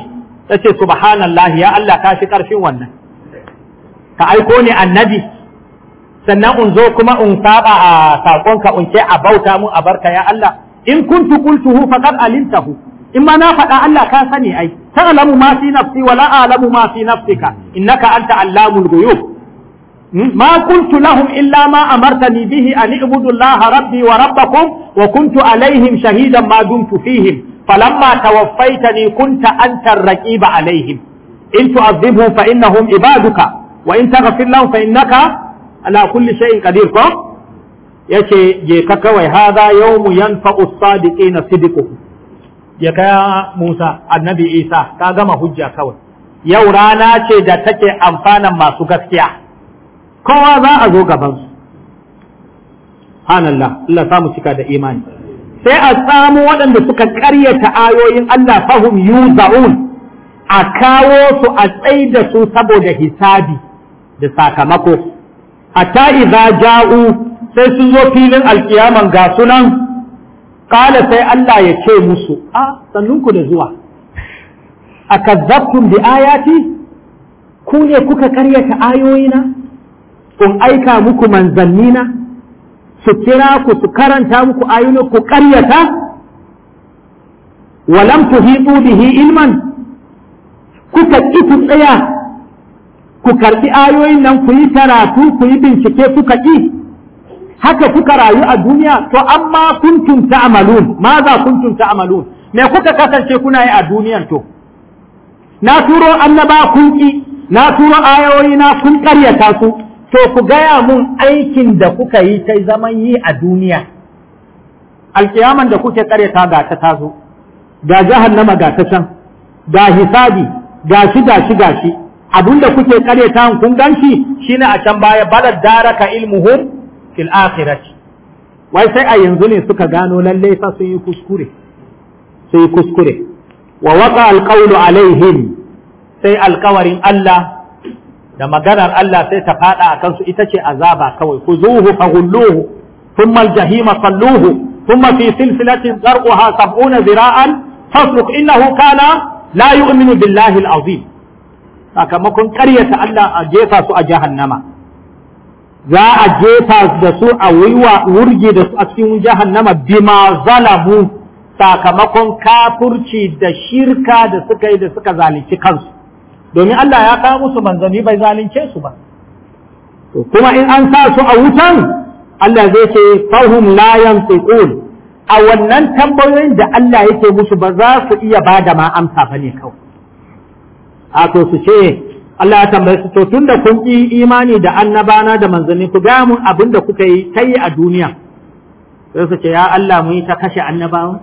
tace subhanallahi ya Allah ka fi ƙarfin wannan ka aiko ni annabi sannan in zo kuma in saba a sakonka in ce a bauta mu a barka ya Allah in kuntu qultuhu faqad alimtahu in ma na faɗa Allah ka sani ai ta'lamu ma fi nafsi wa la a'lamu ma fi nafsika innaka anta allamul ghuyub ma qultu lahum illa ma amartani bihi an i'budu Allah rabbi wa rabbakum wa kuntu alaihim shahidan ma dumtu fihim فلما توفيتني كنت أنت الرقيب عليهم إن تعذبهم فإنهم عبادك وإن تغفر لهم فإنك ala kulli shay'in qadir ko yace je ka kawai hada yawmu yanfa'u sadiqina sidiqu ya kaya Musa annabi Isa ka gama hujja kawai yau rana ce da take amfanan masu gaskiya kowa za a zo gaban su hanallah Allah samu cika da imani sai a samu waɗanda suka karyata ayoyin Allah fahum yuza'un a kawo su a tsaida su saboda hisabi da sakamako ata idza ja'u sai sun zo filin alkiyaman ga sunan qala sai Allah ya ce musu a sannunku da zuwa akazzabtum bi ayati ku ne kuka karyata ayoyina Kun aika muku manzannina su kira ku su karanta muku ayoyina ku karyata walam tuhitu bihi ilman kuka ki ku tsaya ku karɓi ayoyin nan ku yi karatu ku yi bincike kuka ƙi haka kuka rayu a duniya to amma kuntum ta'malun ma za kuntum ta'malun me kuka kasance kuna yi a duniyan to na turo annaba kun ƙi na turo ayoyi na kun ƙaryata su to ku gaya mun aikin da kuka yi kai zaman yi a duniya alkiyaman da kuke ƙaryata ga ta tazo ga jahannama ga ta can ga hisabi ga shi ga shi ga shi abinda kuke kare ta kun ganshi shine a can baya balad daraka ilmuhum fil akhirati wai sai a yanzu ne suka gano lalle fa sun yi kuskure sun yi kuskure wa waqa al qawlu alaihim sai al alkawarin Allah da maganar Allah sai ta fada akan su ita ce azaba kawai kuzuhu faghulluhu thumma al jahima salluhu thumma fi silsilatin zarquha sab'una zira'an fasluk innahu kana la yu'minu billahi al azim sakamakon ƙaryata Allah a jefa su a jahannama za a jefa da su a wiwa wurge da su a cikin jahannama bima zalamu sakamakon kafurci da shirka da suka yi da suka zalunci kansu domin Allah ya kawo musu manzanni bai zalunce su ba kuma in an sa su a wutan Allah zai ce fahum layan yantiqun a wannan tambayoyin da Allah yake musu ba za su iya bada ma amsa bane kawai a to su ce Allah ya tambaye su to da kun yi imani da annabana da manzanni ku ga mun abin da kuka yi yi a duniya sai su ce ya Allah mu yi ta kashe annabawa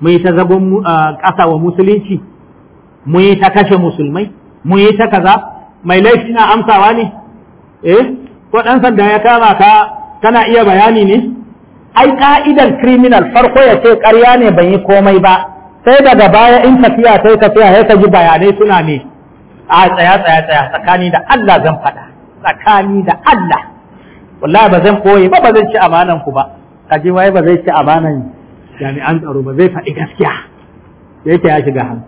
mu yi ta zagon ƙasa wa musulunci mu yi ta kashe musulmai mu yi ta kaza mai laifi na amsawa ne eh ko ɗan sanda ya kama ka kana iya bayani ne ai ka'idan criminal farko ya ce ƙarya ne ban yi komai ba sai daga baya in tafiya sai ka tsaya sai ka ji bayanai suna ne a tsaya tsaya tsaya tsakani da Allah zan faɗa tsakani da Allah wallahi ba zan koyi ba ba zan ci amanan ku ba kaji waye ba zai ci amanan jami'an tsaro ba zai faɗi gaskiya da yake ya shiga hannu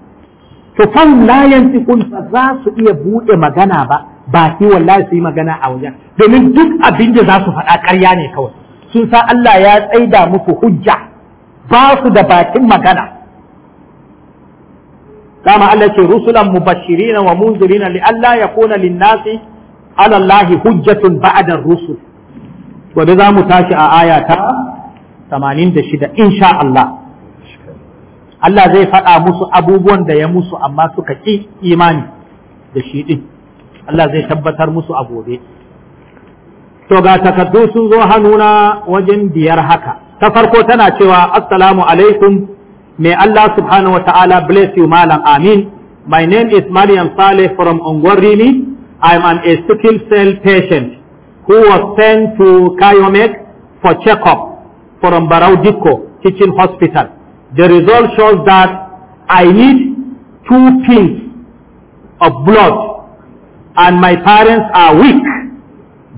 to fan la yantiqun ba za su iya buɗe magana ba ba shi wallahi su yi magana a wajen domin duk abin da za su faɗa ƙarya ne kawai sun sa Allah ya tsaida musu hujja ba su da bakin magana dama Allah ce rusulan mubashirina wa munzirina li Allah ya kuna linnasi ala Allah hujjatun ba'adar rusul Gobe za zamu tashi a aya ta 86 insha Allah Allah zai faɗa musu abubuwan da ya musu amma suka ƙi imani da shi ɗin. Allah zai tabbatar musu a gobe to ga takardu sun zo hannuna wajen biyar haka ta farko tana cewa assalamu alaikum May Allah subhanahu wa ta'ala bless you, Malam Amin. My name is Mariam Saleh from Ongwarimi. I am an a sickle cell patient who was sent to Kayomek for checkup from Baraudiko Teaching Hospital. The result shows that I need two pints of blood and my parents are weak.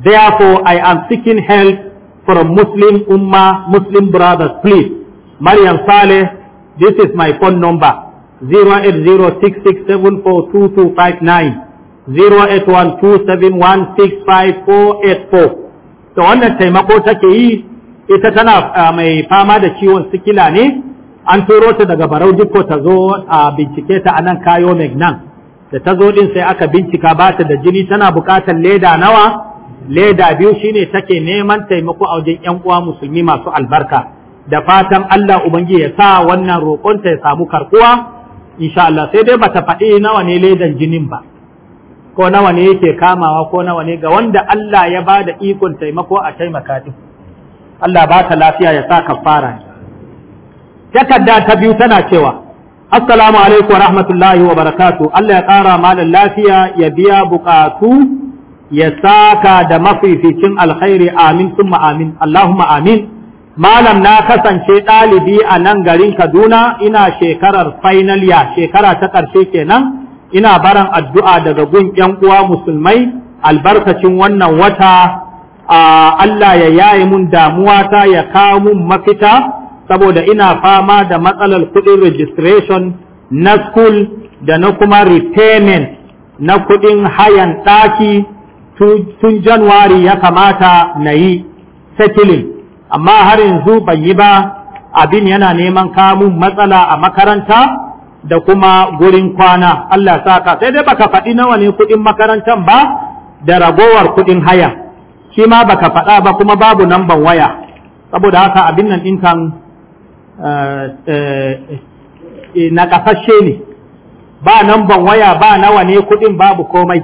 Therefore, I am seeking help from Muslim Ummah, Muslim brothers. Please, Mariam Saleh, This is my phone number 0806674259 0812716584 to wannan taimako take yi ita tana ah, mai fama da ciwon sikila ne an turo ta daga barau dikko ta zo a bincike ta anan kayo nan da ta zo din sai aka bincika ba ta da jini tana bukatar leda nawa leda biyu shine take neman taimako a wajen yan uwa musulmi masu albarka da fatan Allah ubangi ya sa wannan roƙonta ya samu karkuwa insha Allah sai dai bata faɗi nawa ne ledan jinin ba ko nawa ne yake kamawa ko nawa ne ga wanda Allah ya ba da ikon taimako a taimaka din Allah ba ta lafiya ya sa kafara ne takarda ta biyu tana cewa assalamu alaikum wa rahmatullahi wa barakatu Allah ya ƙara malin lafiya ya biya buƙatu, ya saka da mafificin alkhairi amin summa amin Allahumma amin malam na kasance ɗalibi a nan garin Kaduna ina shekarar final ya shekara ta ƙarshe kenan ina baran addu'a daga gun ‘yan uwa musulmai albarkacin wannan wata a Allah ya yaye mun damuwa ta ya kawo mun mafita saboda ina fama da matsalar kuɗin registration na school da na kuma repayment na kuɗin hayan ɗaki tun Januwari ya kamata na yi settling amma har yanzu ban yi ba abin yana neman kamun matsala a makaranta da kuma gurin kwana Allah saka sai dai baka faɗi nawa ne kuɗin makarantar ba da ragowar kuɗin haya shi ma baka faɗa ba kuma babu namban waya saboda haka abin nan ɗin kan eh, eh, eh, na ƙasashe ne ba namban waya ba nawa ne kuɗin babu komai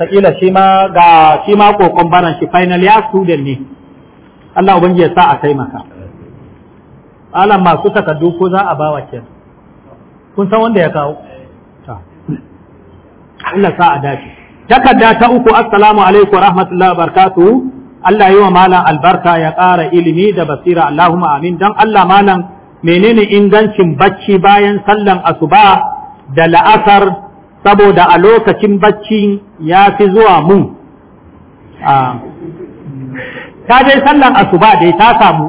wataƙila shi ma ga shi ma kokon baran shi final ya student ne Allah ubangiji ya sa a taimaka alam masu takardu ko za a bawa ke kun san wanda ya kawo Allah sa a dace takarda ta uku assalamu alaikum rahmatullahi barakatuh Allah yi wa malam albarka ya ƙara ilimi da basira Allahumma amin dan Allah malam menene ingancin bacci bayan sallan asuba da la'asar saboda a lokacin bacci ya fi zuwa mun ah. ta dai sallan asuba dai ta samu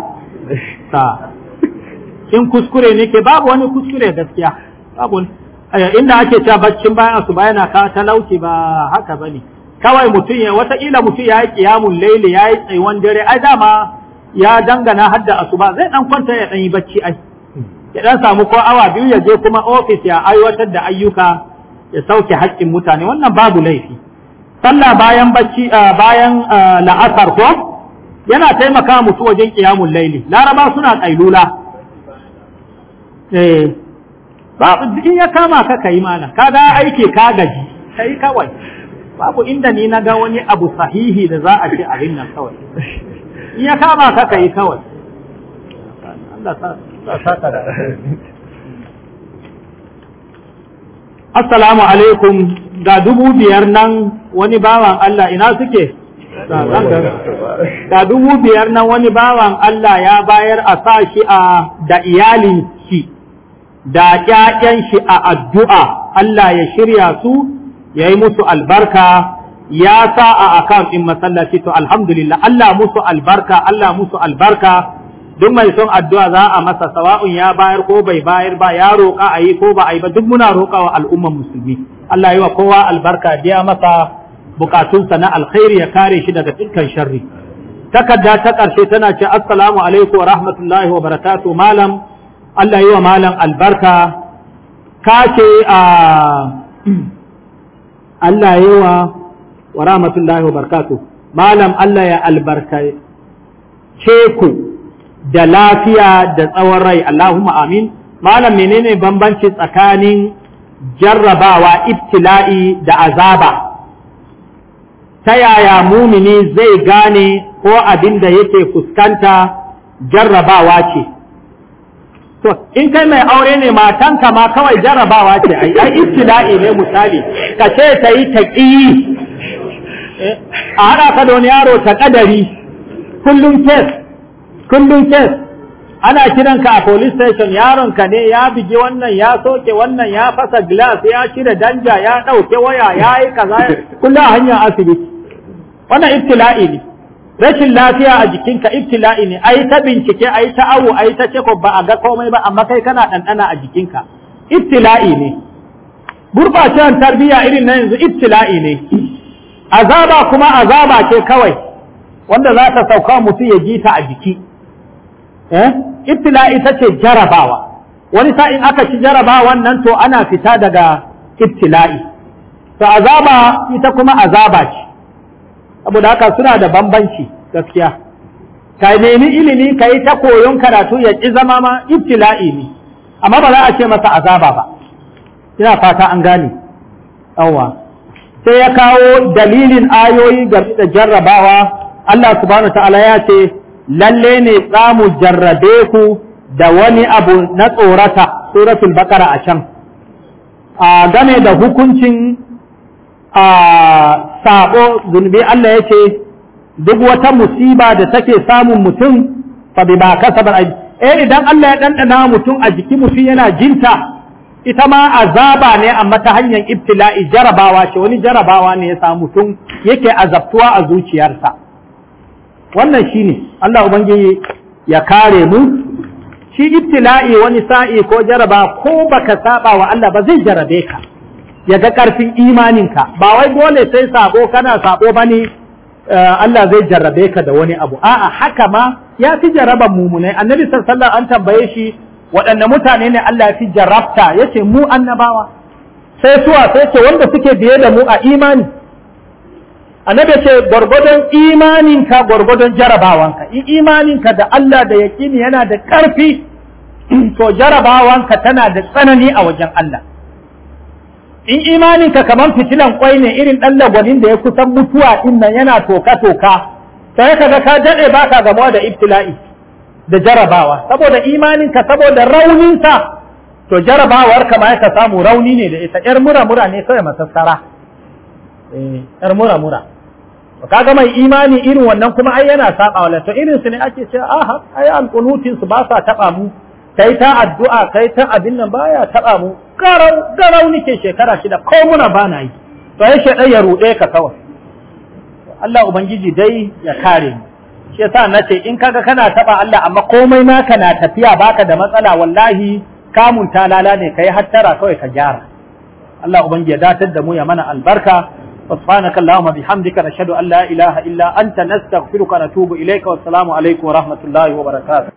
ta in kuskure ne ke babu wani kuskure gaskiya babu inda ake cewa baccin bayan asuba yana ka talauci ba haka bane kawai mutum ya wataƙila mutum ya yi ƙiyamun laili ya yi tsayuwan dare ai dama ya dangana har da asuba zai dan kwanta ya dan yi bacci ai ya dan samu ko awa biyu ya je kuma ofis ya aiwatar da ayyuka ya sauke haƙƙin mutane wannan babu laifi sallah bayan bacci bayan la'asar ko yana taimaka mutu wajen qiyamul laili laraba suna kailula eh ba in ya kama ka kai mana kaga aiki ka gaji sai kawai babu inda ni na ga wani abu sahihi da za a ce a nan kawai in ya kama ka kai kawai Allah ta ta da assalamu alaikum ga dubu biyar nan wani bawan Allah ina suke ga dubu biyar nan wani bawan Allah ya bayar a sa shi a da iyalin shi da ƴaƴan shi a addu'a Allah ya shirya su ya yi musu albarka ya sa a akan in masallaci to alhamdulillah Allah musu albarka Allah musu albarka duk mai son addu'a za a masa sawa'un ya bayar ko bai bayar ba ya roƙa a yi ko ba a yi ba duk muna roƙawa al'umman musulmi Allah yi wa kowa albarka biya masa bukatunsa na alkhairi ya kare shi daga dukkan sharri takarda ta ƙarshe tana ce assalamu alaikum wa rahmatullahi wa barakatuh malam Allah yi wa malam albarka ka ce a [CLEARS THROAT] Allah yi wa wa rahmatullahi wa barakatuh malam Allah ya albarka ce ku da lafiya da tsawon rai Allahumma amin malam menene bambanci tsakanin jarrabawa ibtila'i da azaba ta yaya mumini zai gane ko abin da yake fuskanta jarrabawa ce to in kai mai aure ne matanka ma kawai jarrabawa ce ai ai ibtila'i ne misali ka ce ta yi taqiyi eh, a haɗa ka da yaro ta ƙadari, kullum test kullum kes ana kiranka a police station yaronka ne ya bige wannan ya soke wannan ya fasa glass ya shirya danja ya ɗauke waya ya yi kaza kullum a hanyar asibiti wannan ibtila'i ne rashin lafiya a jikinka ibtila'i ne ai ta bincike ai ta awo ai ta ceko ba a ga komai ba amma kai kana ɗanɗana a jikinka ibtila'i ne gurbacewar tarbiyya irin na yanzu ibtila'i ne azaba kuma azaba ce kawai wanda za ta sauka mutum ya ji ta a jiki eh tace ce jarabawa wani sa'in aka ci jarabawan nan to ana fita daga ibtila'i to azaba ita kuma azaba ce saboda haka suna da bambanci gaskiya ka nemi ilimi ka yi ta koyon karatu ya ƙi zama ma ibtila'i ne amma ba za a ce masa azaba ba ina fata an gane yawa sai ya kawo dalilin ayoyi da jarrabawa Allah subhanahu wa ta'ala ya ce lalle ne za jarrabe ku da wani abu na tsorata suratul bakara a can a game da hukuncin a sabo zunubi Allah ya duk wata musiba da take samun mutum fa bi ba kasaba ai eh idan Allah ya dandana mutum a jiki mutum yana jinta ita ma azaba ne amma ta hanyar ibtila'i jarabawa ce wani jarabawa ne ya samu mutum yake azabtuwa a zuciyarsa wannan shine Allah ubangiji ya kare mu shi ibtila'i wani sa'i ko jaraba ko baka saba wa Allah ba zai jarabe ka ya ga karfin imaninka ba wai dole sai sabo kana sabo bane eh, Allah zai jarabe ka da wani abu a'a haka ma ya fi jaraban mumunai annabi sallallahu an tambaye shi waɗanne mutane ne Allah ya fi jarabta yace mu annabawa sai suwa sai ce wanda suke biye da mu a imani annabi ce gwargwadon imaninka gwargwadon jarabawanka in imaninka da Allah da yaqini yana da karfi [CLEARS THROAT] to jarabawanka tana da tsanani a wajen Allah in imaninka kamar fitilan kwai ne irin ɗan lagwanin da ya kusan mutuwa din yana toka-toka sai ka ga ka daɗe baka ga gamuwa da ibtila'i da jarabawa saboda imaninka saboda rauninsa to jarabawar kama ya ka samu rauni ne da ita ‘yar mura-mura ne kawai masassara eh, yar mura-mura kaga mai imani irin wannan kuma ai yana saba wala to irin su ne ake cewa a ai alqunutin su ba sa taba mu kai ta addu'a kai ta abin nan baya taba mu garau garau shekara shida ko muna na yi to ai shedan ya rude ka kawai Allah ubangiji dai ya kare mu shi yasa nace in kaga kana taba Allah amma komai ma na tafiya baka da matsala wallahi kamun talala ne kai hattara kawai ka gyara Allah ubangiji ya datar da mu ya mana albarka سبحانك اللهم بحمدك نشهد أن لا إله إلا أنت نستغفرك ونتوب إليك والسلام عليكم ورحمة الله وبركاته